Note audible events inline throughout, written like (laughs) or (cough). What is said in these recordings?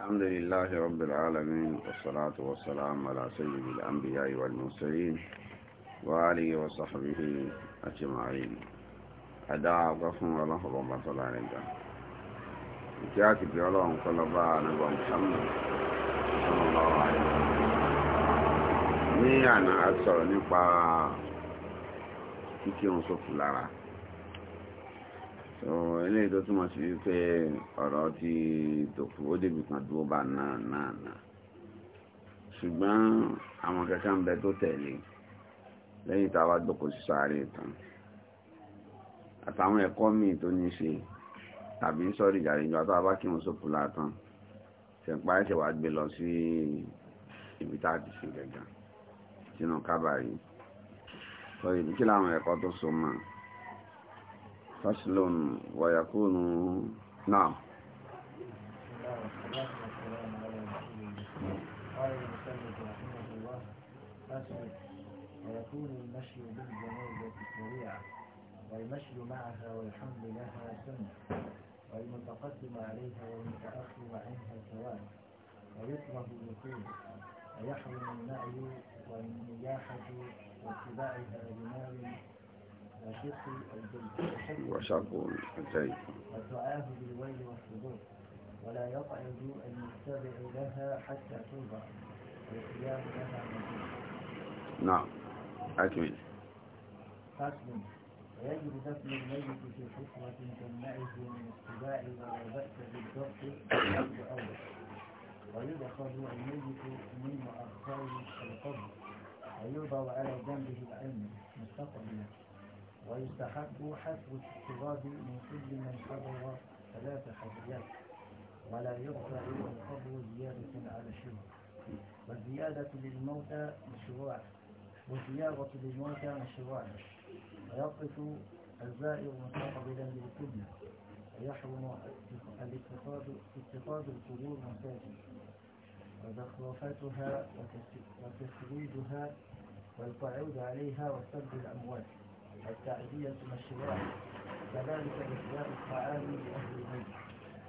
الحمد لله رب العالمين والصلاة والسلام على سيد الأنبياء والمرسلين وآله وصحبه أجمعين أدعى قفهم الله رب العالمين جاءت بيولون كل نبو محمد صلى الله عليه وسلم ní àná àṣọ nípa kíkírun sófù lára ilé tó túmọ̀ sí wípé ọ̀rọ̀ ti tòkù ó débì kan dúró bá náà náà náà ṣùgbọ́n àwọn kankan bẹ tó tẹ̀lé lẹ́yìn táwa dọ̀kọ̀ sí sáré tán àtàwọn ẹ̀kọ́ míì tó ní ṣe tàbí sọ́ọ̀rì ìjàre ìjọ àtàwọn bá kírun sókù látàn ṣẹ̀pá ẹ̀ṣẹ̀ wá gbé lọ sí ibi tá a ti ṣe gẹ̀gà sínú kábàárì sọ ìdíkí ẹ̀kọ́ tó so mọ́ فصل ويكون نعم قال المسلم رحمه الله فصل ويكون المشي بالجنازة سريعة والمشي معها والحمد لها سنة والمتقدم عليها والمتأخر عنها ثواب ويكره الركوب ويحرم النعي والنياحة واتباعها بمال وش أقول زي وتعاه بالويل والصدور ولا يقعد المتبع لها حتى توضع والقيام لها مجيد نعم أكمل حسن ويجب دفن الميت في حفرة تمنعه من السباع ولا بأس بالضبط قبل أول ويؤخذ الميت من مؤخره القبر ويوضع على جنبه العلم مستقبلا ويستحب حسب التراب من كل من حضر ثلاث حضريات ولا يرفع القبر زيادة على الشهر والزيادة للموتى مشروع وزيارة للموتى مشروع ويقف الزائر مستقبلا للقبلة ويحرم اتخاذ القبور مساجد وزخرفتها وتسويدها والقعود عليها وسد الأموات التعزية مشروع كذلك إحياء الطعام لأهل البيت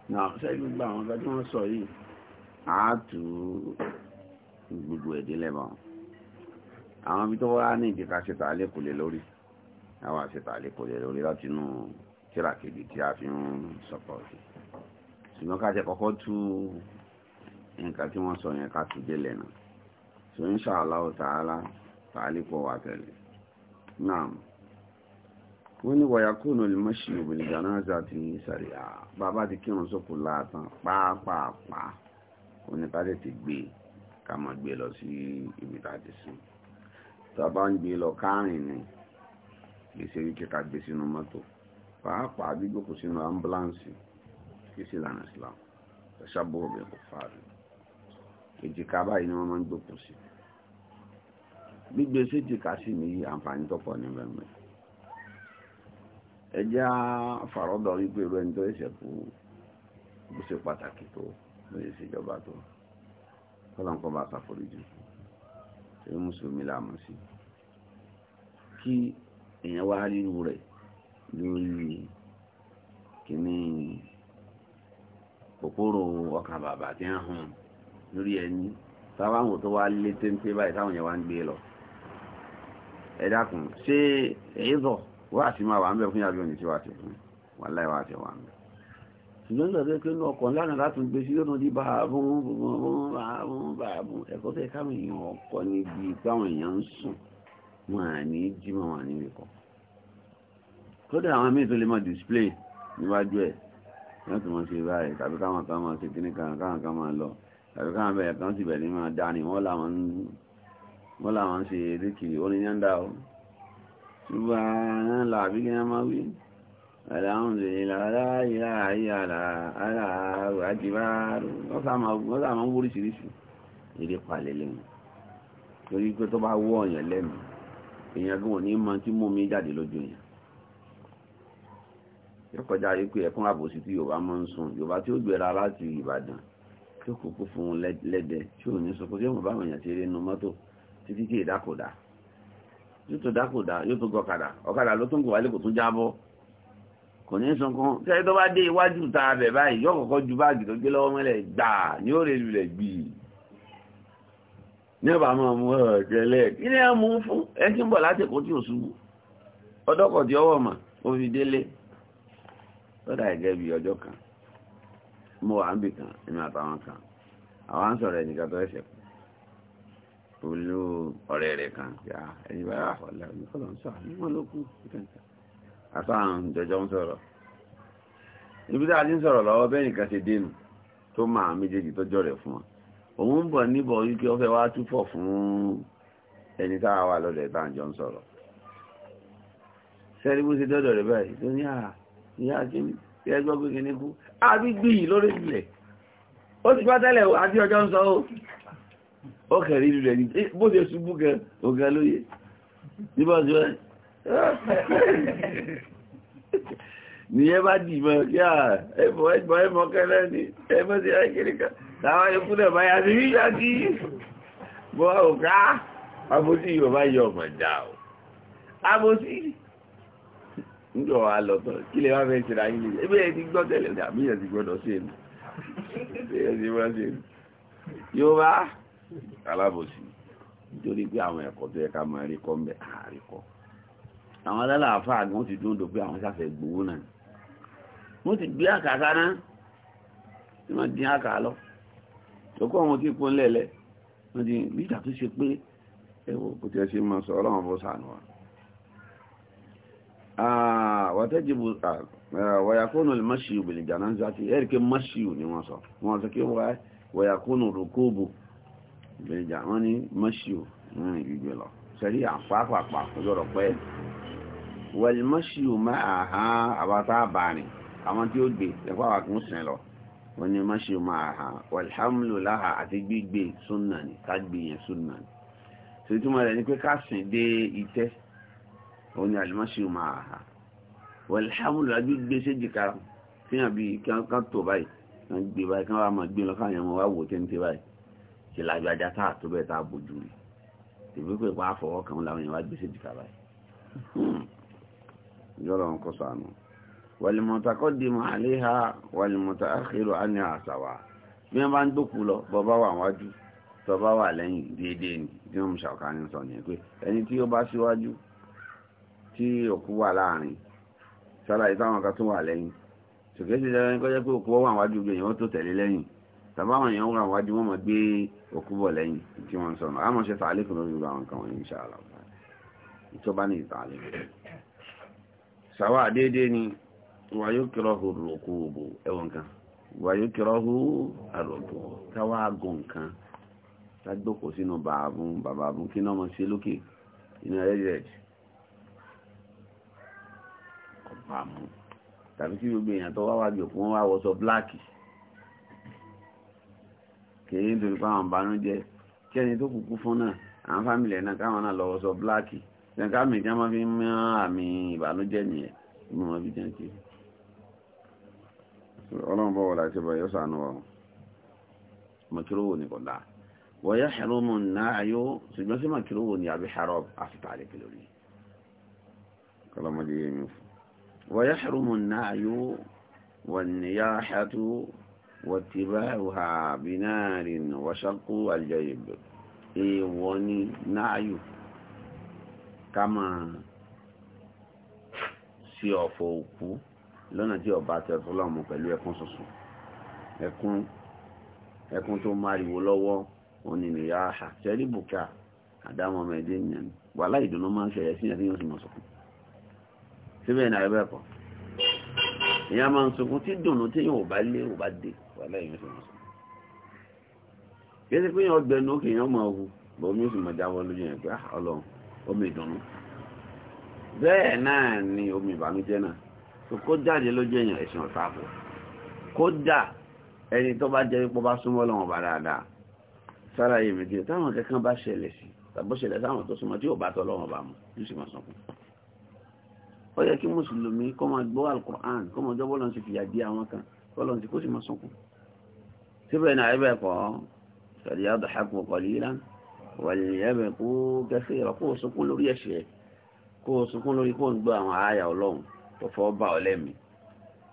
نعم سيد الله وقدمه صحيح àátù gbogbo èdè lẹ́bàá àwọn ibi tó wá ní ìdíkà ṣètà àlékòlè lórí àwọn àṣètà àlékòlè lórí láti inú tíra kejì tí a fi ń sọ̀pọ̀ sí ṣùgbọ́n ká jẹ́ kọ́kọ́ tú nǹkan tí wọ́n sọ yẹn ká tún dé lẹ́nà so insha Allah ta'ala tàálípọ̀ wà tẹ̀lé náà wọ́n ní wàyàkùnà lè mọ́ ṣe òbìnrin jànáza ti ní sàrẹ̀ à bàbá ti kírun sókò láàtàn pàápàá oníkàdé ti gbé ká máa gbé lọ sí ibi tá a ti sùn tàbá ń gbé lọ kárìn ni gbèsè rí kíkà gbé sínú mọ́tò pàápàá bí gbòkó sínú ambulance kí sí lànà islam ṣàbò ọ̀bẹ̀ kò fàárì èjìká báyìí ni wọ́n máa ń gbòkó sí gbígbé sí sí ní àǹfààní tọ́pọ̀ ní mẹ́mẹ́rin ẹjá fàrọ́dọ̀ wípé ẹ̀rọ ẹni tó ẹ̀ṣẹ̀ kú bó ṣe pàtàkì tó lóye ìṣèjọba tó kọ́lọ̀nkọ́ bá ṣàforíjì ṣe mùsùlùmí láàmú sí kí èèyàn wá ríru rẹ̀ lórí kìíní kòkòrò ọkàn bàbà tí ń hùn lórí ẹni táwọn tó wá lé téńté báyìí táwọn yẹn wá ń gbé lọ ẹ dákun ṣé èyí wá sí máa wà ń bẹ̀ fún yàbí òní tí wà tẹ̀ fún wà láì wà tẹ̀ wà ń bẹ̀ ṣùgbọ́n nígbà tó pé ní ọkọ̀ lánàá láti gbé sí lọ́nà tí bàbún bàbún bàbún bàbún ẹ̀kọ́ tẹ̀ káwọn èèyàn ọkọ̀ níbi táwọn èèyàn ń sùn wọn à ní jímọ̀ wọn à ní ìkọ̀ kódà àwọn míì tó lè máa display níwájú ẹ̀ yóò tó máa ṣe báyìí tàbí káwọn kan máa ṣe kíní kan káwọn kan máa lọ tàbí káwọn bẹ̀rẹ̀ kan sì bẹ̀rẹ̀ máa dání wọ́n làwọn ń ṣe rékìrì ó ní yáńdá o ṣùgbọ́n làbí kí wọ́n máa wí alhamdulillah aláìláàyàlá aláàwájibáàrù wọ́n sá máa ń wóríṣiríṣi èdè pàlẹ́ lẹ́nu torí pé tó bá wọ́ ọ̀yàn lẹ́nu èèyàn gan òní mọ tí mú mi jáde lójú yẹn yóò kọjá yìí pé ẹkún àbòsí tí Yorùbá máa ń sun Yorùbá tí ó gbéra láti Ìbàdàn tí ó kókó fún un lẹ́dẹ tí ò ní sọ pé yóò mọ̀ báwọn èèyàn ṣe rí inú mọ́tò títí tí ìdákòdá yóò tó dákòdá yóò tó gọkàdà ọ̀kadà ló tún kò wálé kò tún jábọ́ kò ní sọ kan tó bá dé iwájú ta abẹ̀ báyìí yóò kọ́kọ́ ju báàgì tó gbé lọ́wọ́ mọ́lẹ̀ gbà ní ó lulẹ̀ gbì ni mú fún ẹ ti ń bọ̀ láti kó tí ò ṣubú ọdọ́kọ̀ tí ọwọ́ mà ó fi kan mo wà kan àtàwọn kan àwọn ń sọ̀rọ̀ olú ọ̀rẹ́ rẹ̀ kan ẹni bá yà fọ́lá ní fọ́lá ń sọ àwọn olókù ìkẹta àtàwọn jọjọ ń sọ̀rọ̀ ibi tí a ti ń sọ̀rọ̀ lọ́wọ́ bẹ́ẹ̀ nìkan ṣe dénú tó máa méjèèjì tọ́jọ́ rẹ̀ fún wọn òun ń bọ̀ níbọ̀ wípé ó fẹ́ wá túfọ̀ fún ẹni tá a wà lọ́dọ̀ ẹ̀ta àjọ ń sọ̀rọ̀ sẹ́rí bó ṣe dọ́dọ̀ rẹ̀ báyìí tó ní àà ìyá kíní tí ẹ ọkàn rí rẹ̀ ní eh, bó ṣe ṣubú kan ọ̀gá lóye nígbà tí wọ́n nìyẹn bá dì mọ́ kí à ẹ̀fọ́ ẹ̀gbọ́n ẹ̀mọ́ kẹ́lẹ́ ní ẹ̀fọ́ sí ẹ̀kẹ́rẹ́ kan láwọn ikú náà báyà sí yíyá kí bọ́ ọ̀gá abosí yóò bá yọ ọmọ dá o abosí ńlọ wa lọ tán kí lè wá fẹ́ ṣe ra yín lè ti gbọ́ tẹ́lẹ̀ dàbí ẹ̀ ti gbọ́dọ̀ sí ẹ̀ yóò bá alábòsí nítorí pé àwọn ẹ̀kọ́ tó yẹ ká máa rí kọ́ mbẹ́ àárí kọ́ àwọn alálàáfà gan ti dúndò pé àwọn sáfẹ́ gbowó náà wọ́n ti gbé àkà sáná tí wọ́n dín àkà lọ tókọ́ àwọn tí kún lẹ́lẹ́ wọ́n ti bí ìjà tó ṣe pé ẹwọ kò tẹ́ ṣe máa sọ ọlọ́run fọ́ sànù wa wàtẹ́jìbù wàyàkónù mọ́ṣíù bìlìjà náà ń sọ àti ẹ̀rì ìgbẹ̀jà wọ́n ní mọ́ṣíò rìn gbígbẹ̀ lọ sẹ́rí àpapàpà ọjọ́rọ̀ pẹ́ wẹ̀lì mọ́ṣíò máa ha àbátá bàrìn àwọn tí ó gbé ẹ̀kọ́ àwọn akún sìn lọ wọ́n ní mọ́ṣíò máa ha wàlhámlò láha àti gbígbé súnà ní kágbìyàn súnà ní tó túmọ̀ rẹ̀ ní pé kásìn dé itẹ́ ó ní àlùmọ́ṣíò máa ha wàlhámlò lájú gbé séjìká fihàn bíi kí wọ́n tó báyìí wọ́n gbé báyìí kí wọ́n máa gbé lọ káwọn ọmọ wa wò téńté báyìí ṣe lágbájá tá àtó bẹ́ẹ̀ tá a bójú rí tèmi pé pa àfọwọ́ kan láwọn èèyàn wá gbèsè jìkà báyìí hmm. yọ́rọ̀ wọn kọ́ sànù wàlìmọ̀tàkọ́dìmù àléhà wàlìmọ̀tà àkérò á ní àṣàwà bí wọ́n bá ń dókù lọ bọ́bá wà wájú tọba wà lẹ́yìn déédéé ni tí wọ́n mú ṣàkánì sọ ní pé ẹni tí ó bá síwájú tí òkú wà láàrin sálàyé táwọn kan tó wà lẹ́yìn ṣùgbọ́n ti dẹ́rẹ́ kọ́jẹ́ pé òkú wà wájú gbé wọ́n tó tẹ̀lé lẹ́yìn tàbáwọn èèyàn wà wájú wọn mọ̀ gbé òkú bọ̀ lẹ́yìn tí wọ́n sọ̀nà a mọ̀ ṣe tààlékùn lórí ìgbà wọn kan wọ́n insha Allah ìtọ́bá ní ìtààlékùn sàwà déédéé ni wàyó kìrọ̀hù rògbò òbò ẹwọ̀n kan wàyó kìrọ̀hù àrògbò káwá gùn kan tágbòkò sínú bàbá bàbá kí náà mọ̀ sí lókè inú ẹ̀rẹ́dẹ̀ẹ́dì ọ̀pá tàbí kí gbogbo èèyàn tó wá wájú òkú wọn wá wọṣọ bláàkì kìí nítorí pé àwọn ìbànújẹ́ kí ẹni tó kúkú fún náà àwọn fámìlì ẹ̀ náà káwọn náà lọ́wọ́ sọ bíláàkì ṣẹ̀kámi tí wọ́n fi ń mú àmì ìbànújẹ́ nìyẹn ìmọ̀ wọn fi jẹ́ kí ọlọ́run bọ̀ wọ̀ láti bọ̀ yóò sànú wọn mọ̀kíróòwò ní kọ̀dá wọ́n yẹ́ ṣẹ̀rọ̀mù ayó ṣùgbọ́n sí mọ̀kíróòwò ní àbí ṣàrọ̀ àfitàlẹ̀ pẹ̀lú rí kọlọmọdé yẹ́ mi fún wọ́n yẹ́ ṣẹ̀rọ̀mù ayó wọ́n ni yá ṣàtú wọ̀tíbáhà bínáàrin wọ́ṣọ́kú àjẹyẹ̀bẹ̀ èèwọ̀ ní náàyù ká máa sí ọ̀fọ̀ òkú lọ́nà tí ọba tẹ̀tọ́ lọ́mù pẹ̀lú ẹkún sọ̀sọ̀ ẹkún ẹkún tó máriwo lọ́wọ́ onínìyà àṣà tẹ́rí bùkà àdámọ́ mẹ́dé nìyẹn wà láì dùnú máa ń ṣẹ̀yẹ sí ẹ̀sìn yóò sì mọ̀ sọ̀kún síbẹ̀ ní ìyá máa ń sọkún tí dùnú tí yóò bá lé ò bá dé wàhálà yìí sì mọ̀ sọ. yẹ́sẹ̀ pé yẹn ọgbẹ́ni ó kèèyàn mọ̀ ọ̀hún bọ́ọ̀mí ó sì mọ̀ jáwọ́ lójú yẹn pé ah, ọlọ́run omi ìdùnnú bẹ́ẹ̀ náà ni omi ìbànújẹ́ náà tó kó jáde lójú èèyàn ẹ̀sìn ọ̀tá àpò kódà ẹni tó bá jẹ́ pípọ́ bá súnmọ́ lọ́wọ́ bá dáadáa sára yìí méjì táwọn kankan bá ṣẹlẹ̀ sí tàbó ṣẹlẹ̀ sáwọn tó súnmọ́ tí ò bá tọ́ lọ́wọ́ bá mu yóò sì máa sọ fún ó yẹ kí mùsùlùmí kó máa gbọ́ alukur'an kọ́lọ̀ tí kó sì máa sunkún síbẹ̀ náà ẹbẹ̀ kọ́ fẹ̀lẹ̀ yàtọ̀ hapò kọ̀lílá wàlẹ̀ ẹbẹ̀ kó gẹ́sẹ̀ rẹ̀ kó sunkún lórí ẹ̀ṣẹ̀ kó sunkún lórí kó ń gbọ́ àwọn àyà ọlọ́run tó fọ́ bá ọ lẹ́mìí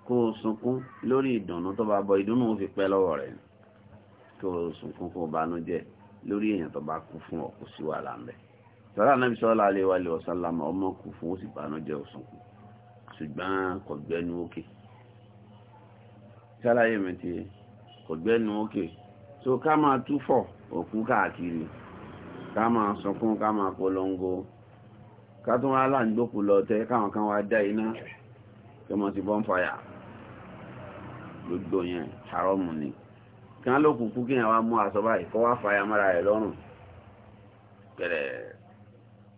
kó sunkún lórí ìdùnnú tó bá bọ ìdùnnú fi pẹ́ lọ́wọ́ rẹ̀ kó sunkún kó banújẹ́ lórí èèyàn tó bá kú fún ọ sí wàhálà ń bẹ náà sọ́lá alẹ́ wa lè ọ̀sán lámà ọmọ kù fún ó sì banújẹ́ òsunkún ṣùgbọ́n kò gbẹ́nu Okay sálàyé mi ti kò gbẹ́nu ókè so ká máa túfọ̀ òkú káàkiri ká máa sọkún ká máa polongo ká tún wá láǹgbókù lọ tẹ káwọn kan wá dá iná kí wọ́n ti bọ́n fàyà gbogbo yẹn haramu ni kí wọ́n lókù kú kí wá mú aṣọ báyìí kọ́ wá fàyà mọ́ra rẹ̀ lọ́rùn pẹ̀rẹ̀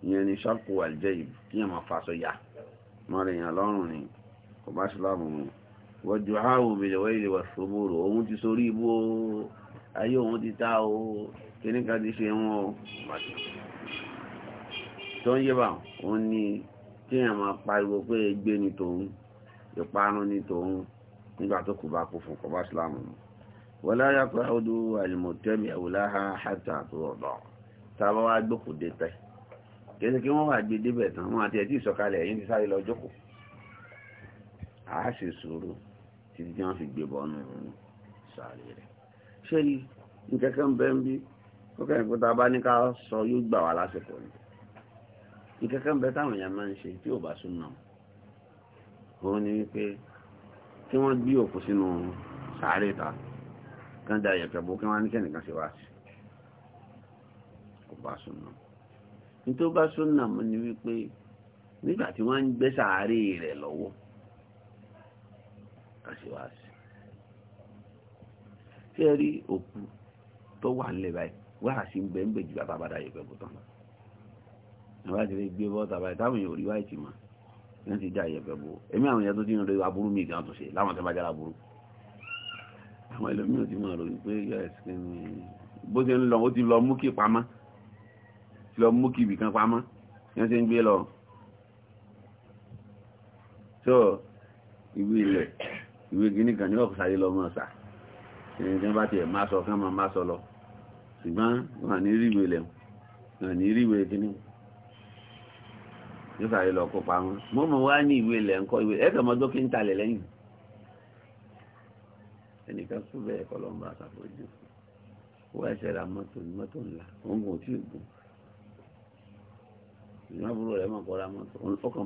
ìyẹn ni ṣọ́kù àlìjẹ́ yìí kí wọ́n máa fàṣọ yà mọ́ra èèyàn lọ́rùn ni kò bá ṣe láàbù mu wọ́jú áhùn mi lọ́wọ́ ilẹ̀ wà sọ́bùrù òun ti sórí ibú o ayé òun ti ta o kíníkà ti ṣe wọn o tó ń yébà òun ni kíyàn máa pariwo pé ẹgbẹ́ ni tòun ìparun ni tòun nígbà tó kù bá kú fún kọba islam wọ́n láyá pé ọdún àlùmọ̀tẹ́mì àwòláha hàtà tó ọ̀dọ̀ tábà wá gbókù dé tẹ́ kìí kí wọ́n wà gbé débẹ̀ tán wọn àti ẹ̀ tí ìsọ̀kalẹ̀ yìí ti sáré lọ jókòó àá ṣe sùúrù títí tí wọ́n fi gbé bọ́ọ̀nù sáré rẹ̀ ṣé rí nkẹ́kẹ́ ń bẹ́ ń bí ó kẹ́yìn pé tá a bá ní ká sọ yóò gbà wá lásìkò ni nkẹ́kẹ́ ń bẹ táwọn èèyàn máa ń ṣe tí ò bá sún náà òun ni wípé kí wọ́n gbé òkú sínú sáré ta kán da ìyẹ̀pẹ̀ bó kí wọ́n á ní kẹ́nìkan ṣe wá sí kò bá sún náà nítorí bá sún náà mo ní wípé nígbà tí wọ́n ń gbé sáré rẹ̀ lọ́wọ́ àṣewàṣe tí ẹ rí òkú tó wà nílẹ̀ báyìí wáàsí ń bẹ ń bẹ jù bàbá bàdá yìí pẹ̀lú tán àwọn àti lè gbé bọ́ta báyìí táwọn èèyàn rí wáìtì ní ti dá ìyẹ̀pẹ̀ bò èmi àwọn èèyàn tó ti ń ro aburú mi gan tó ṣe láwọn tó bá jára aburú àwọn ẹlòmíràn ti máa ròyìn pé yes kí ni bó ṣe ń lọ ó ti lọ mú kí pamọ́ ti lọ mú kí ibì kan pamọ́ yẹn ṣe ń gbé lọ ìwé gíní kan ní ọkọ̀ sáré lọ mọ́ sà ẹni tí wọ́n bá tiẹ̀ máa sọ kán máa máa sọ lọ ṣùgbọ́n wọn ní ríwèé lẹ̀ wọn ní ríwèé gíní ní sáré lọ kópa wọn mọ́ mọ́ wá ní ìwé lẹ̀ ńkọ́ ìwé ẹ̀kọ́ mọ́ dókè ń talẹ̀ lẹ́yìn ẹnìkan kú bẹ́ẹ̀ kọ́ lọ́nba àtàkùnjú wọ́n ẹ̀ṣẹ̀ ra mọ́tò ní mọ́tò ńlá òun kò tí ì gùn ìrìnàbúrò rẹ̀ mọ̀ kọ́ra mọ́tò ọkàn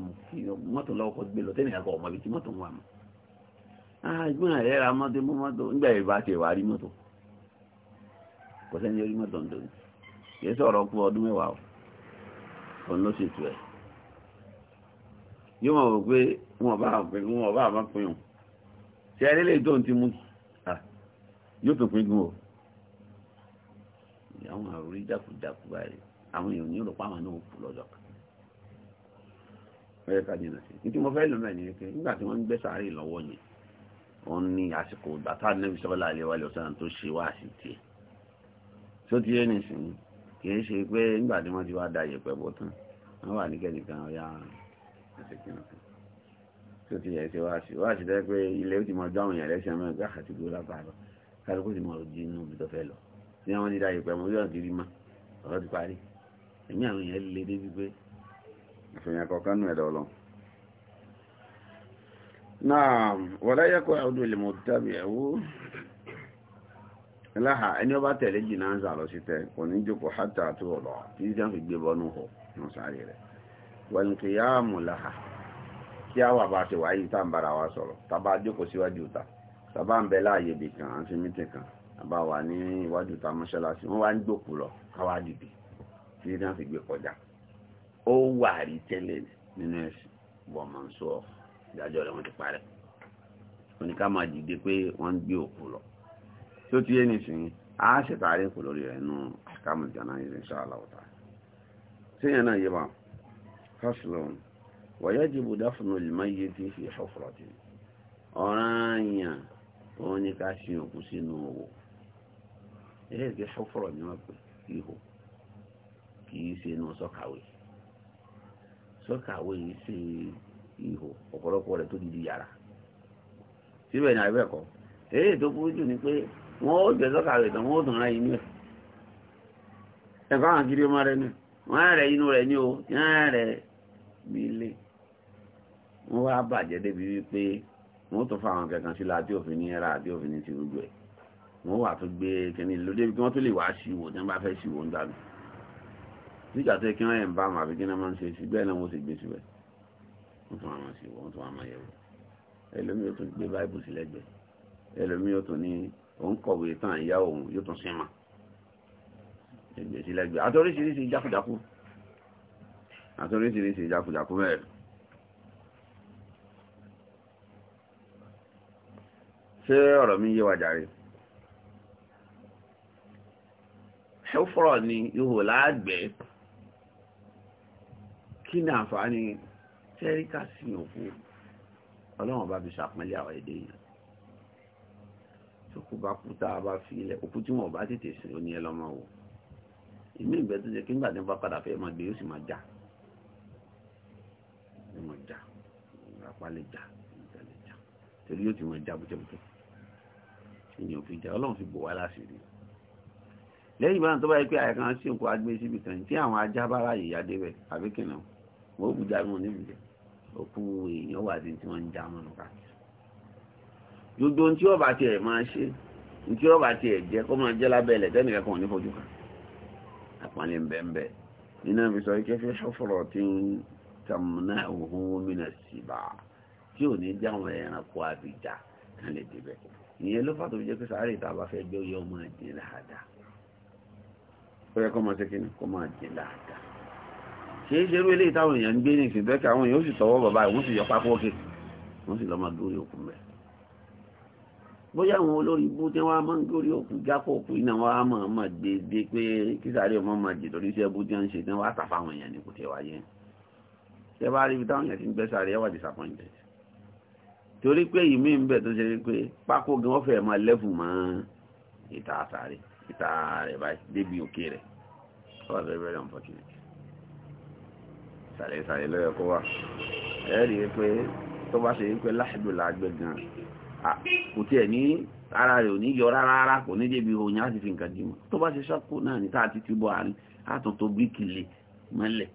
mọ́tò lọ́wọ́ kọ́ gbé lọ tẹ́nìyàn kọ́ ọmọ ibi tí mọ́tò ń wà mọ́ àgbọn ah, ẹ̀ ra mọ́tò mú mọ́tò nígbà ìbá ti wà rí mọ́tò kò sẹ́ni orí mọ́tò ń dòní kì í sọ̀rọ̀ kú ọdún mẹ́wàá o òun ló ṣètò ẹ̀ yóò mọ̀ pé wọn bá pín wọn bá má pín o ṣe eré lè dóhun ti mú yóò tún pín gún o àwọn àròrí jákujàku báyìí àwọn èèyàn ní òrùpá àwọn náà kù lọ́jọ́ kan ẹ̀ ká dínà sí i nítorí mo fẹ́ lò náà ní pé nígbà tí wọ́n ń gbé sáré lọ́wọ́ yẹn òun ní àsìkò ìgbà táwọn níbi sọ́lá àlewálé ọ̀sán tó ṣe wá sí tiẹ̀ tó ti yé nìsín kì í ṣe pé nígbà tí wọ́n ti wá da ìyẹ̀pẹ̀ bọ̀ tán wọ́n wà ní kẹ́nìkan ọ̀yá àṣekìnnà kan tó ti yẹ ṣe wá sí wá sí pé ilé ó ti mọ dáhùn yẹn lẹ́sìn mẹ́rin gbà ah, àti gbó lápárọ̀ kálukú ti mọ òjì inú ibi tó fẹ́ lọ tí wọ́n ti da ìyẹ̀pẹ̀ mọ́ yóò ti rí mọ́ náà wọ́lá yẹ́kọ́ ọdún ilẹ̀ mọ̀tàbí ẹ̀wó láhà ẹni ọba tẹ̀lé jìnà ń sàlọ sí tẹ́ kò ní jòkó hátà tó ọ̀lọ́ tí jẹ́ fi gbé bọ́nú hù wa sọ̀rọ̀ tàbá jókòó síwájú ta tàbá ń bẹ láàyè bì kan à mítì kan àbá ta mọ́ṣáláṣí wọ́n wá ń lọ káwá tí jẹ́ fi gbé kọjá ìdájọ́ rẹ̀ wọ́n ti parẹ́ wọ́n ní ká máa dìde pé wọ́n ń gbé òkú lọ tí ó ti yé a ṣètàrí kò lórí rẹ̀ nù àkàmù jánásà insha Allah ta'ala síyẹn náà yé bá faslun wa yajibu dafnul mayyiti fi hufratin ọ̀ranyàn wọ́n ní ká sin òkú sínú òwò ilé ìgbé ni wọ́n pè ihò kì í ṣe inú sọ́kàwé sọ́kàwé yìí ṣe ihò ọ̀pọ̀lọpọ̀ rẹ̀ tó di yàrá síbẹ̀ ní abẹ́ẹ̀kọ́ èyí tó burú jù ni pé wọ́n ó jẹ́ sọ́kà rẹ̀ tán wọ́n ó tàn ra inú ẹ̀ ẹ̀kọ́ àwọn kiri ọmọ rẹ̀ náà wọ́n rẹ̀ inú rẹ̀ ní o yán rẹ̀ bí ilé wọ́n wá bàjẹ́ débi wípé wọ́n tó fa àwọn kankan sí la òfin ní ẹ̀rà àti òfin ti rúgbọ́ ẹ̀ wọ́n wà tó gbé kẹ́ni lóde bí wọ́n tó lè wá sí wò tí wọ́n bá fẹ́ sí wò ń dànù nígbà tó kí wọ́n yẹn bá wọn àbí kí wọ́n máa ń ṣe sí bẹ́ẹ̀ náà wọ́n sì gbé síbẹ̀ wọ́n tún àwọn sí wọ́n tún àwọn yẹ̀wò ẹlòmí yóò tún gbé báìbù sí lẹ́gbẹ̀ẹ́ ẹlòmí yóò tún ní òun kọ̀wé tán ìyá òun yóò tún sín ma ẹgbẹ̀ sí lẹ́gbẹ̀ẹ́ àti oríṣiríṣi jákujàku àti oríṣiríṣi jákujàku bẹ́ẹ̀ ṣé ọ̀rọ̀ mi yé wa jàre ṣé fọ́rọ̀ ni ihò láàgbẹ̀ẹ́ kí ni àǹfààní sẹ́rí ká sin òkú ọlọ́run bá fi ṣàpẹ́lẹ̀ àwọn èdè yẹn tó kú bá kú tá a bá fi ilẹ̀ òkú tí wọn ò bá tètè sin ó ní ẹ lọ́mọ wò ìmí ìgbẹ́ tó jẹ́ kí nígbà tí wọ́n bá padà fẹ́ mọ gbé ó sì máa já ó máa já apá lè já ìgbà lè já torí yóò ti máa já bútẹ́bútẹ́ ènìyàn fi já ọlọ́run fi bò wá láṣìírí lẹ́yìn ìbára tó bá pé àyẹ̀kan sí òkú agbé tí àwọn ajá bá ráyè yá débẹ̀ àbíkìnà wọ́n ó bùjá wọn níbi òkú èèyàn wà sí tí wọ́n ń já mọ́nù káàkiri gbogbo ohun tí ọba tiẹ̀ máa ṣe ohun tí ọba tiẹ̀ jẹ́ kó máa jẹ́ lábẹ́ ilẹ̀ tẹ́nìkan kan ò ní fojú kan àpọ́nlé ń bẹ́ẹ̀ bẹ́ẹ̀ nínú àfi sọ ike fi ṣọ́fọ̀rọ̀ tí ń tàmùnà òhun mìíràn sí bá tí ò ní já àwọn ẹranko àbíjà kan lè débẹ̀ ìyẹn ló fà tó fi jẹ́ pé sáré ìta bá fẹ́ gbé oyè ọmọ ìdín láàdá ó yẹ kó máa ṣe kí ni kó máa dín láàdá ṣe é ṣerú ilé ìtàwọn èèyàn ń gbé ní ìsìnbẹ́kẹ̀ àwọn èèyàn ó sì tọwọ́ bàbá ẹ̀ wọ́n sì yọ pápá òkè wọ́n sì lọ máa dórí òkú mẹ́ bóyá àwọn olórí ibú tí wọ́n á máa ń dórí òkú jápọ̀ òkú iná wọ́n á máa máa dédé pé kí sáré ọmọ máa jè lórí iṣẹ́ ibú tí wọ́n ń ṣe tí wọ́n á tà fáwọn èèyàn ní kò tẹ̀ wáyé ṣé bá rí ibi táwọn èèyàn ti ń gbẹ́ sáré ẹ wà disappointed torí pé ìmí ń bẹ̀ tó ṣe pé pákó gan wọ́n fẹ́ máa lẹ́fù mọ́ ìta sáré ìta rẹ̀ báyìí sàlẹ̀ sàlẹ̀ lọ́yọ̀ kó wà ẹ rí i pé tó bá ṣe pé láìdò lágbẹ́ gan kò tiẹ̀ ní ara rẹ̀ ò ní yọ rárá rárá kò ní débi oyin á ti fi nǹkan dìmọ̀ tó bá ṣe ṣọ́kù náà ní táà ti ti bọ́ àárín àtúntò bíríkì lè mọ́lẹ̀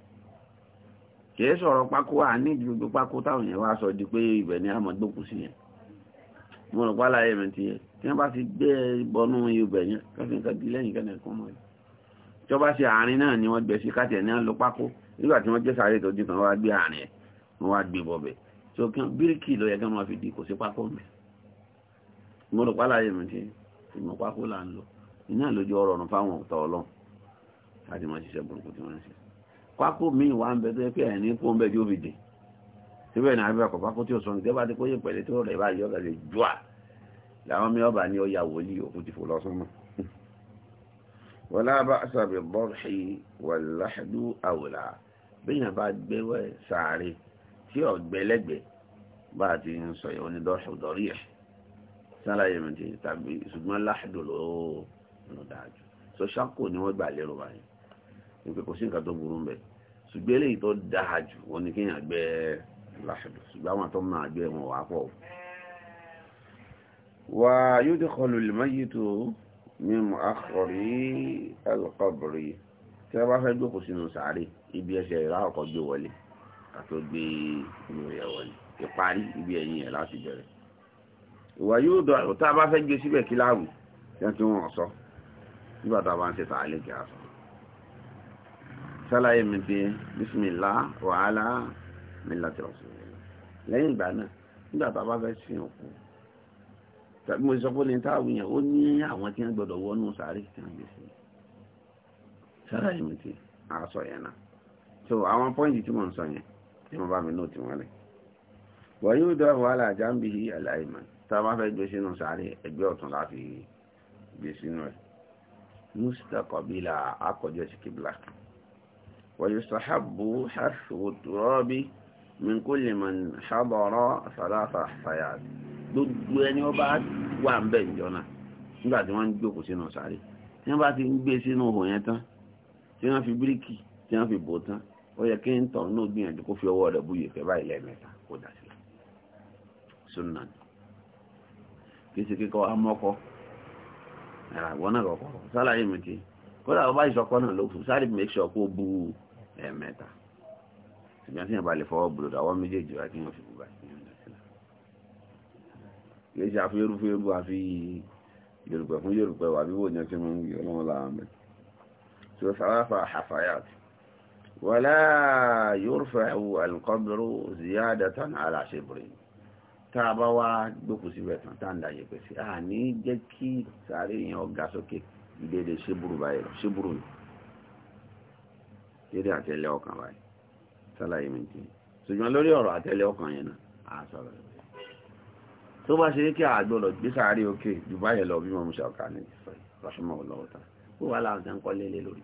kìí sọ̀rọ̀ pákó à ní gbogbo pákó táwọn èèyàn wá sọ di pé ibẹ̀ ni a mọ̀ gbókù sí yẹn mo rò pálá ẹ̀mí ti yẹ tí wọ́n bá ti gbé bọnú ibẹ̀ yẹn kẹ́fì di lẹ́yìn kẹ́nẹ̀kan mọ́ yẹn tí wọ́n bá ṣe àárín náà ni wọ́n gbẹ̀ sí káàtì ẹ̀ ní à pákó nígbà tí wọ́n jẹ́ sáré tó dín wá gbé àárín ẹ̀ wọ́n wá gbé bọ̀bẹ̀ tó kí bíríkì ló yẹ kí wọ́n fi di kò sí pákó mi mo rò pálàyé mi tí ìmọ̀ pákó là ń lò iná lójú ọ̀rọ̀ ọ̀run fáwọn ọ̀tọ̀ ọlọ́run láti máa ṣiṣẹ́ burúkú tí wọ́n ń ṣe pákó mi wà ń bẹ tó yẹ pé ẹ̀ ní kó ń bẹ tí ó fi dè síbẹ̀ ní abẹ́ ọkọ̀ tí ó sọ ní ọya wòlíì òkú ti fò (laughs) bẹ́yìn bá gbẹ́wẹ́ sàárè tí ọ̀gbẹ́lẹ́gbẹ́ bá ti ń sọ ìwọ́n ní dọ́ṣọ̀dọ́rí ẹ̀ sálàyé mi ti tàbí ṣùgbọ́n láàdùn ló ń dájú so ṣáko ni wọ́n gbà lérò báyìí nípa kò sí nǹkan tó burú mbẹ ṣùgbọ́n eléyìí tó dáa jù wọ́n ní kéèyàn gbẹ́ láàdùn ṣùgbọ́n àwọn tó máa gbẹ́ wọn wà pọ̀ wà yóò dé kọlù lè máyé tó mímu akọrí alùpàbùrì tí wọ́n bá fẹ́ gbókòó sínú sàárè ibi ẹsẹ̀ rẹ̀ lákọ̀ọ́kọ́ gbé wọlé kátó gbé inú rẹ̀ wọlé ìparí ibi ẹ̀yìn rẹ̀ láti bẹ̀rẹ̀ ìwà yóò dọ̀ ọ̀tá bá fẹ́ gbé síbẹ̀ kí láàrù yẹn tí wọ́n sọ nígbà tá a bá ń ṣe tààlẹ́ kí a sọ sálàyé mi pé bísímìlá wàhálà mílá tí ọ̀sùn rẹ̀ lẹ́yìn ìgbà náà nígbà tá a bá fẹ́ sin òkú tàbí mo sọ pé ní táwọn yẹn ó ní àwọn tí wọ́n gbọ́dọ̀ wọnú sàárè tí wọ́n gbé sí sálàyé mi pé àásọ yẹn náà so àwọn pọ́ìntì tí mo ń sọ yẹn tí mo bá mi nóòtì wọn lẹ̀ wọ́n yóò dọ́ wàhálà àjáǹbì àlàìmọ̀ tá a bá fẹ́ gbé sínú sáré ẹgbẹ́ ọ̀tún láti gbé sínú ẹ̀ mustaqbila akọjọ́ sí kìbìlà wọ́n yóò sàhábù hàṣù tùrọ́bì min kulli man ṣàbọ̀rọ̀ sàlásà sayad gbogbo ẹni ó bá wà ń bẹ̀ ìjọ náà nígbà tí wọ́n ń jókòó sínú sáré tí wọ́n bá ti ń gbé sínú òhò yẹn tán tí wọ́n fi bíríkì tí wọ́n fi bò tán ó yẹ kí n tọ̀ ní gbìyànjú kó fi ọwọ́ rẹ̀ bú yèfẹ́ báyìí lẹ́ẹ̀mẹ́ta kó dà sílẹ̀ sunna ni kì í ṣe kíkọ́ amọ́kọ́ ẹ̀rà àwọn náà kọ̀kọ́ sálàyé mi ti kódà ọba ìṣọkọ́ náà ló fún sáré make sure kó bú ẹ̀ẹ̀mẹ́ta ṣùgbọ́n tí yẹn bá lè fọwọ́ bùrọ̀dà fi yorùbá fún yorùbá wà bí wọ́n yẹn ti máa ń gbé ọlọ́run láàmì tí ó sáráfà àfáyà wàlá yurfa'u al-qabru ziyadatan ala shibri tá a bá wá gbókù síbẹ̀ tán tá à ń da yẹ̀pẹ̀ sí a ní jẹ́ kí sàárè yẹn ga sókè ìdèdè ṣébùrù báyìí lọ ṣébùrù ni dédé àtẹlẹ ọkàn báyìí sálàyé mi ti ṣùgbọ́n lórí ọ̀rọ̀ àtẹlẹ ọkàn yẹn náà a sọ̀rọ̀ tó bá ṣe kí àgbọ̀dọ̀ gbé sàárè òkè jù báyìí lọ bí mọ̀mùsà ọ̀kà ní ìfẹ́ rọ́ṣọ́mọ̀ ọ̀lọ́wọ́ta ó wà láwọn tẹ́ ń kọ́ lélẹ̀ lórí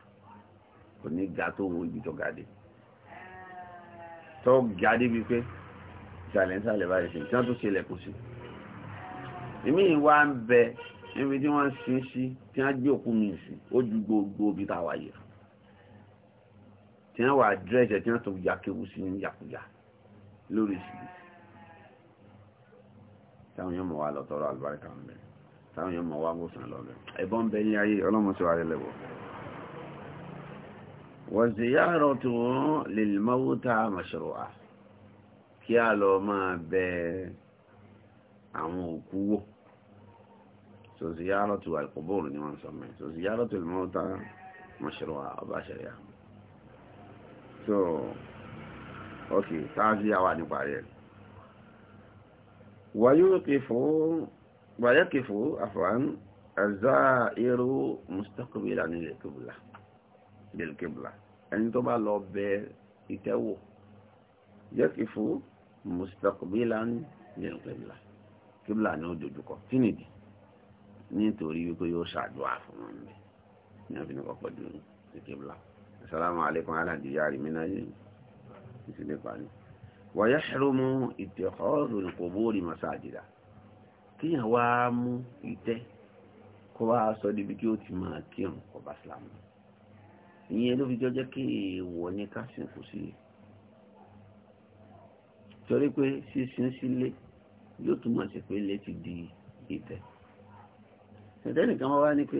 kò ní ga tó wo ibi tó ga dé tó ga dé bíi pé ìsàlẹ̀ ìsàlẹ̀ báyìí sí tí wọ́n tó ṣe ilẹ̀kùn sí ìmí ìwà ń bẹ níbi tí wọ́n sin sí tí wọ́n gbé òkú mi sí ó ju gbogbo ibi tá a wà yẹ tí wọ́n wà dírẹ́sẹ̀ tí wọ́n tó ya kéwu sí ní yakuya lórí ìsìlẹ̀ táwọn yóò mọ̀ wá lọ tọrọ àlùbáríkà ń bẹ táwọn yóò mọ̀ wá gbòsàn lọ bẹ ẹ̀bọ́n bẹ ní ayé ọlọ́mọ sí wa lẹ́lẹ́wọ̀ọ́ وزيارته للموتى مشروعة kí a lọ máa bẹ àwọn òkú wò so ziyaratu al-qubur ni wọ́n sọ mẹ́ so ziyaratu al-mawta mashru'a ọba ṣẹ̀yà so ok tààzí àwà nípa rẹ̀ wàyẹ́kìfò àfọ̀án azáàrú mustaqbilan al-qibla bilkibla ẹni tó bá lọ bẹ ìtẹ́wò yaqifu mustaqbilan bilkibla kíbla ni ó dojúkọ kí nìdí nítorí wípé yóò ṣàdúrà fún wọn bẹ ní àfi ní kọ́kọ́ dùn ní kíbla assalamu alaikum aládìyàrí mi náà yìí ìsìlẹ̀ parí wa yahrumu ittikhadhu masajida kíyàn wá mú ìtẹ́ kó wá sọ níbi kí ó ti máa kírun kó bá sílámù ìyẹn ló fi jọ jẹ́ kí èèwọ̀ ní ká sìnkú sílé torí pé sísin sílé yóò túmọ̀ sí pé ilé ti di ìtẹ̀ ẹ̀dẹ́nìkan wá ní pé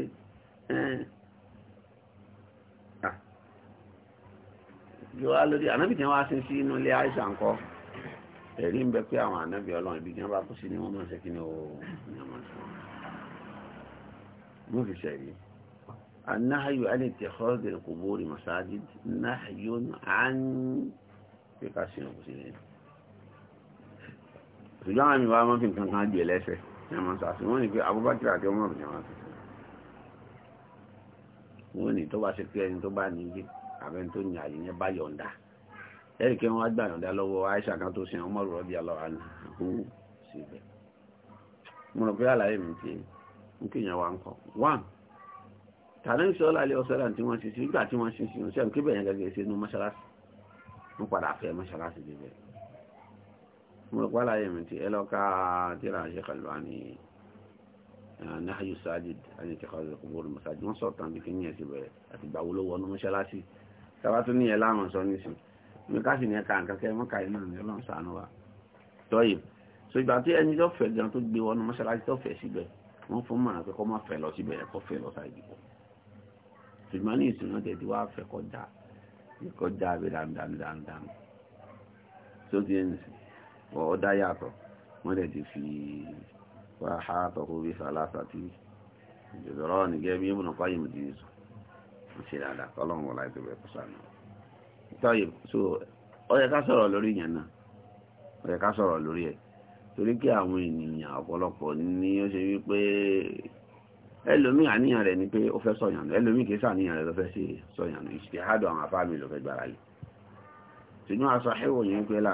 yóò wá lórí ànábì tí wọ́n wá sí sí inú ilé àìsàn ńkọ́ ẹ̀rí ń bẹ pé àwọn ànábì ọlọ́run ibi tí bá kú sí ni wọ́n máa ń kí ni ó ní ọmọ ìṣòro wọ́n النهي عن اتخاذ القبور مساجد نهي عن بقاسين المسلمين ṣùgbọ́n àmì wa máa fi nǹkan kan jẹ lẹ́sẹ̀ ní àmà sàásì wọ́n ni pé Abubakar àti ọmọ ọ̀rọ̀ jẹun àti wọ́n ni tó bá ṣe pé ẹni tó bá ní ilé àbẹ́ni tó ní àyè yẹn bá yọ̀ǹda ẹ̀rì kí wọ́n gbà yọ̀ǹda lọ́wọ́ Aisha kan tó ṣe ọmọ ọ̀rọ̀ bí alọ́ àná kó síbẹ̀ mo rò pé àlàyé mi ti ń kéèyàn wa ń kọ́ one tàbí sọ́lá alẹ́ ọ̀sọ́lá tí wọ́n ṣiṣẹ́ nígbà tí wọ́n ṣiṣẹ́ ìrìnṣẹ́ ní kébẹ̀yàn gẹ́gẹ́ sí inú mọ́ṣáláṣí wọ́n padà fẹ́ mọ́ṣáláṣí bíbẹ̀ mo rò pálá yẹ̀mí tí ẹlọ́ka tíra ṣe kàlù àní nahyu sajid àti ìtẹ̀kọ́sọ̀ kúbọ̀rù mọ́ṣáláṣí wọ́n sọ̀tàn bí kí ní ẹ̀sìn bẹ̀rẹ̀ àti ìgbà wo ló wọnú mọ́ṣáláṣí sábà tún ní ẹ̀ láwọn sọ nísìn mi ká sì so ìgbà tí ẹni tó fẹ́ gan tó gbé wọnú mọ́ṣáláṣí tó fẹ́ síbẹ̀ wọ́n fún mọ̀ràn pé kọ́ má fẹ́ lọ síbẹ̀ ẹ̀kọ́ fẹ́ lọ sáà ìdìbò ṣùgbọ́n ní ìsìn náà tẹ̀tí wàá fẹ́ kọjá ìkọjá abẹ dáadáa tó ti ẹ̀ nìsín ọ̀ọ́dá yàtọ̀ wọ́n dẹ̀ ti fi wá ha tọkọ bí sàlásà tí ìjọdọ̀rọ̀ nìgẹ́ bí ìmùnà fáyé mi ti sùn wọ́n ṣe dáadáa kọ́lọ́hún wọ́n láì tó bẹ̀ kọ́sà náà. táyé so ó yẹ ká sọ̀rọ̀ lórí yẹn náà ó yẹ ká sọ̀rọ̀ lórí ẹ̀ torí kí àwọn ènìyàn ọ̀pọ̀lọpọ̀ ni ó ṣe wípé ẹlòmí àníyàn rẹ̀ ni pé ó fẹ́ sọ̀yànù ẹlòmí kìí sàníyàn rẹ̀ ló fẹ́ sí sọ̀yànù ìṣẹ̀hádọ̀ àwọn afáàmì ló fẹ́ gbára lè ṣùgbọ́n aṣọ àṣẹwò yẹn pé là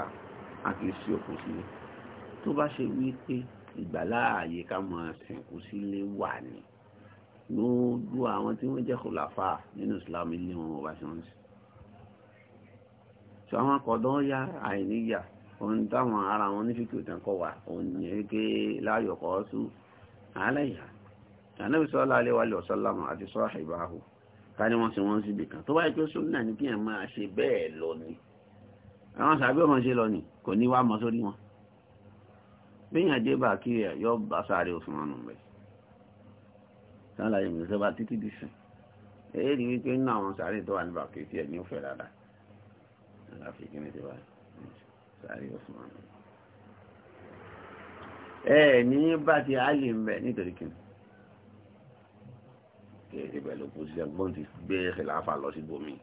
á kìí sí òkú sílé tó bá ṣe wí pé ìgbàláàyè ká mọ sìnkú sílé wà ní gbogbo àwọn tí wọ́n jẹ́ kòláfà nínú Islam ilé wọn ò bá ṣe wọ́n sọ àwọn akọ̀dọ́ ya àìníyà ohun táwọn ara wọn nífìkì òtẹ́kọ̀ wà òun yẹn pé láyọ̀kọ́ sùn àlẹ́ ànábì sọ́lá aléwàlẹ̀ ọ̀sọ́lámù àti sọ́ọ̀hà ìbáhù ká ní wọ́n sì wọ́n síbì kan tó báyìí pé súnà ní kí ẹ̀ máa ṣe bẹ́ẹ̀ lọ ni àwọn sàbí ọmọ ṣe lọ ni kò ní wá mọ sórí wọn bíyàn dé bá kí ẹ yọ bá sáré òsùnmọ́nù rẹ̀ sálàyé mìíràn sọ́ba títí di sùn èyí rí wípé nínú àwọn sáré tó wà ní bàkì tí ẹ ní òfẹ́ dáadáa aláfi kí ni ti wá sáré òsùnmọ́nù ẹ ní bá ti á lè nítorí kí kéèké pẹ̀lú position gbọ́n ti gbé kìláfà lọ sí bomi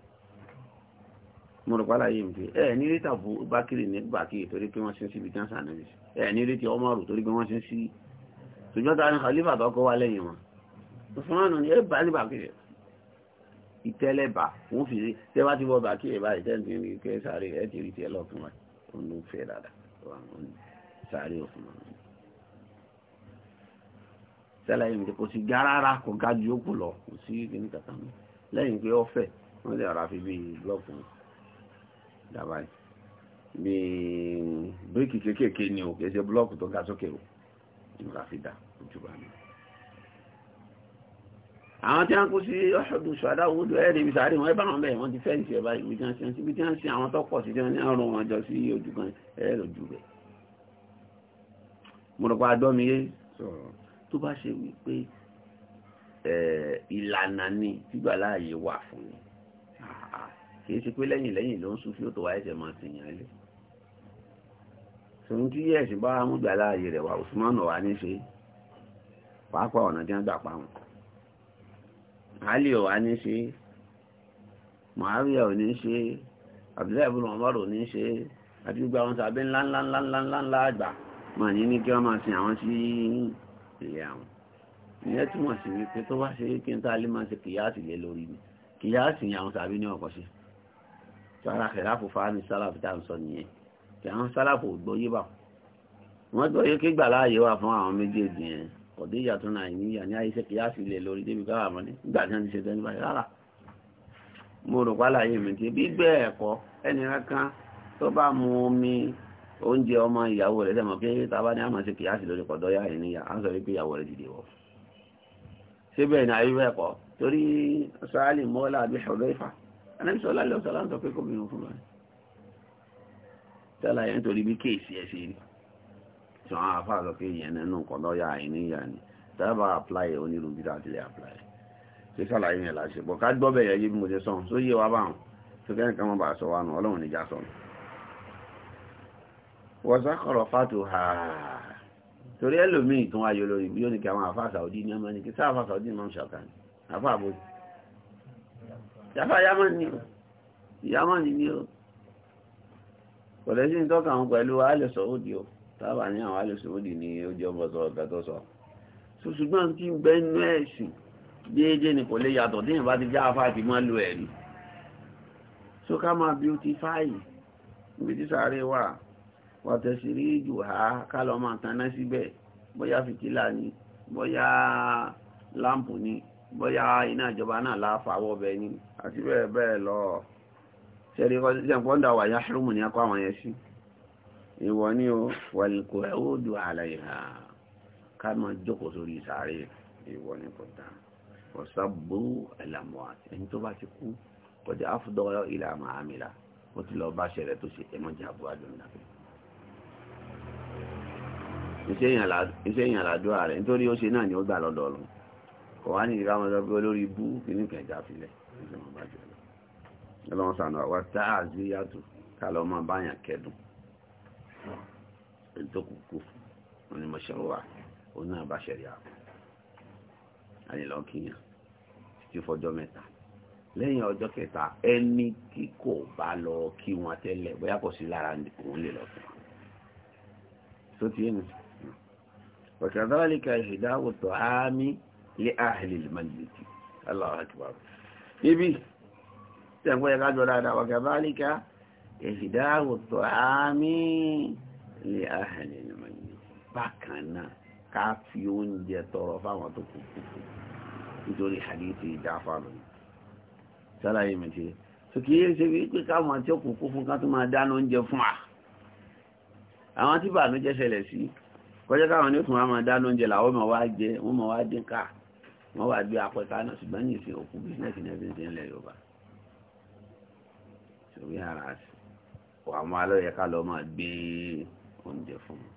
mo rò pálá yìí pé ẹ ní rétà bu bákìrì ní bàkìrì torí pé wọ́n ṣe ń síbi tí wọ́n sàn níbi ẹ ní rétà Umaru torí pé wọ́n ṣe ń sí ṣùgbọ́n ta ni khalifa tó kọ́ wa lẹ́yìn wọn fún àná ni ẹ bá ní bàkìrì ìtẹ́lẹ̀bà wọ́n fi tẹ́ bá ti wọ bàkìrì báyìí tẹ́ ní rí kẹ́ sáré ẹ ti rí tiẹ̀ lọ́ọ̀tún wa ó ń fẹ́ dáadáa sáré òfin wọn sẹ́láyé ní kò sí ga rárá kò ga ju òkú lọ kò sí kíní kàtà mi lẹ́yìn pé ọ̀fẹ́ wọ́n lè ara fi bí blọ́ọ̀kù dábàá yìí bí bíríkì kéékèèké ni ò kìí ṣe blọ́ọ̀kù tó ga sókè o ìmúra fi dà ojú bá mi. àwọn tí wọ́n kú sí ọ̀ṣọ́dún ṣọ́dá òwúdó ẹ̀rí ibi sáré wọn ẹ bá wọn bẹ́ẹ̀ wọ́n ti fẹ́ǹsì ẹ̀ báyìí ibi tí wọ́n ṣe ibi tí wọ́n ṣe àwọn tó pọ̀ sí tí wọ́n ní ọrùn wọn jọ sí ojú kan ẹ̀rọ ojú rẹ̀ mo rò pa adọ́ mi yé sọ̀rọ̀ tó bá ṣe wípé ìlànà ni gbígbàláàyè wà fún ni kìí ṣe pé lẹ́yìn lẹ́yìn ló ń sún fí ó tó wáyé jẹ máa ti yàn lé sọ̀rọ̀ tí ẹ̀sìn bá mú gbàláàyè rẹ̀ wà Usman wà ní ṣe pàápàá ọ̀nà tí wọ́n gbà pa wọn Ali ò wá ní ṣe Muawiya ò ní ṣe Abdullahi ibn Umar ò ní ṣe àti gbogbo àwọn sàbẹ̀ ńláńláńláńláńlá àgbà mà ní ní kí wọ́n máa sin àwọn sí ilé àwọn ìyẹn túmọ̀ sí wípé tó bá ṣe kí n tá lè máa ṣe kìyàsì lé lórí ni kìyàsì yẹn àwọn sàbí ní ọkọ̀ sí tó ara kẹláàfù fáánì sálàfù tá à ń sọ nìyẹn kí àwọn sálàfù ò gbọ́ yé bà wọ́n gbọ́ yé kígbà láàyè wà fún àwọn méjèèjì yẹn ọ̀dẹ́ ìyàtọ̀ náà ìníyà ní àyíṣe kìyàsì lé lórí débi káwà mọ́ ní ìgbà tí wọ́n ti ṣe tẹ́ni báyìí rárá mo rò pálá yé mi ti bí bẹ́ẹ̀ ẹ̀kọ́ ẹnìkan kan tó bá mu omi oúnjẹ ọmọ ìyàwó rẹ̀ tẹ́mọ̀ pé tàbá ní àmà sí kìyàsí lórí pọ̀dọ̀ yá ẹ̀ níyà á sọ wípé ìyàwó rẹ̀ dìde wọ̀ síbẹ̀ ní ayélujára ẹ̀kọ́ torí sàálì mọ́lá àbí ṣọ̀dọ̀ ìfà anábì sọ lálẹ́ ọ̀sán láǹtọ̀ pé kòmìnà fún lọ́nà tẹ́lá yẹn torí bí kéèsì ẹ̀ sí rí sọ pé ìyẹn nínú pọ̀dọ̀ yá apply ẹ̀ onírú bí láti lè apply ṣé sàlàyé yẹn láṣepọ̀ ká gbọ́ bẹ̀yẹ yé bí mo ṣe sọ wọ́sàkọ̀rọ̀ fàtò ha torí ẹlòmí ìtún ayò lórí yóò ní kí àwọn àfáà sàódì ní ọmọ ní kí sáà àfáà sàódì máa ń ṣàkàní àfáà bó yàfáà yámánì yámánì ni ó kọ̀lẹ́sí ń tọ́ka àwọn pẹ̀lú alẹ́ sọ́ọ́dì ó tábà ní àwọn alẹ́ sọ́ọ́dì ni ó jẹ́ ọmọ ń gbẹ́nu ẹ̀sìn déédéé ni kò lè yàtọ̀ tí ìbá ti beautify ibi tí wàtẹ̀sírí jù ha kálọ̀ máa taná síbẹ̀ bóyá fìtílà ni bóyá lámpù ni bóyá iná ìjọba náà láfàwọ́ bẹ̀ ni àti bẹ́ẹ̀ bẹ́ẹ̀ lọ ṣẹ́rí kọ́ńdà wà yá ṣúrùmù ní akọ àwọn yẹn sí ìwọ ni o wàlìkò ẹ̀ ó dù àlàyé ha ká máa jókòó sórí sàárè ìwọ ni kò dá ọ̀sàbò ẹ̀làmọ̀ àti ẹni tó bá ti kú kọjá áfúdọ́ ìlà àmàmìlà ó ti lọ bá ṣẹlẹ̀ tó ṣe ẹmọ́jà àbúrádùn náà iṣẹ́ èèyàn làdúrà rẹ̀ nítorí ó ṣe náà ni ó gbà lọ́dọ̀ ọ̀run kò wá ní ìrámọ́ sọ pé olórí ibú kìíní kẹjà filẹ̀ ọlọ́run sànà àwọn táà sí yàtọ̀ kálọ̀ ọmọ báyàn kẹdùn ètò kúkú wọn ni mo ṣe wà òun náà bá ṣẹlẹ̀ àpò àyìnlọ kíyàn títí fọjọ́ mẹ́ta lẹ́yìn ọjọ́ kẹta ẹni tí kò bá lọ kí wọn tẹ́lẹ̀ bóyá kò sí lára òun lè lọ fún un tó ti yé وكذلك إهداء الطعام لأهل المجلس الله أكبر إبي تقول يقعد ولا وكذلك إهداء الطعام لأهل المجلس بكنا كافيون دي طرفا وتكفوا nítorí hadithi Ja'faru sálàyé mẹ́tí so kí yé ṣe wípé káwọn àti ọkùnkún fún ká tó máa dáná oúnjẹ fún à àwọn tí bàánú jẹ́ ṣẹlẹ̀ sí kọjá káwọn ní òtún wa máa dá lóúnjẹ làwọn máa wá jẹ wọn máa wá dín ká wọn wá gbé apẹta náà ṣùgbọ́n ní ìsìn òkú bísínẹsì ní ẹbí ń ṣe ńlẹ̀ Yorùbá ṣòwí ara sí àwọn alóyẹ ká lọ máa gbé oúnjẹ fún un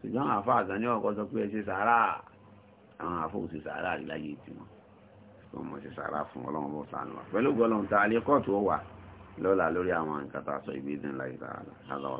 ṣùgbọ́n àwọn afá àgàn ní ọkọ̀ sọ pé ẹ ṣe sàárà àwọn afọ òṣè sàárà rí láyé tiwọn wọn mọ̀ ṣe sàárà fún ọlọ́run bọ́ sànù wa pẹ̀lú gbọ́lọ́run ta alẹ́ kọ́ọ̀tù wà lọ́la lórí àwọn nǹkan tá a sọ ìbí dín láyé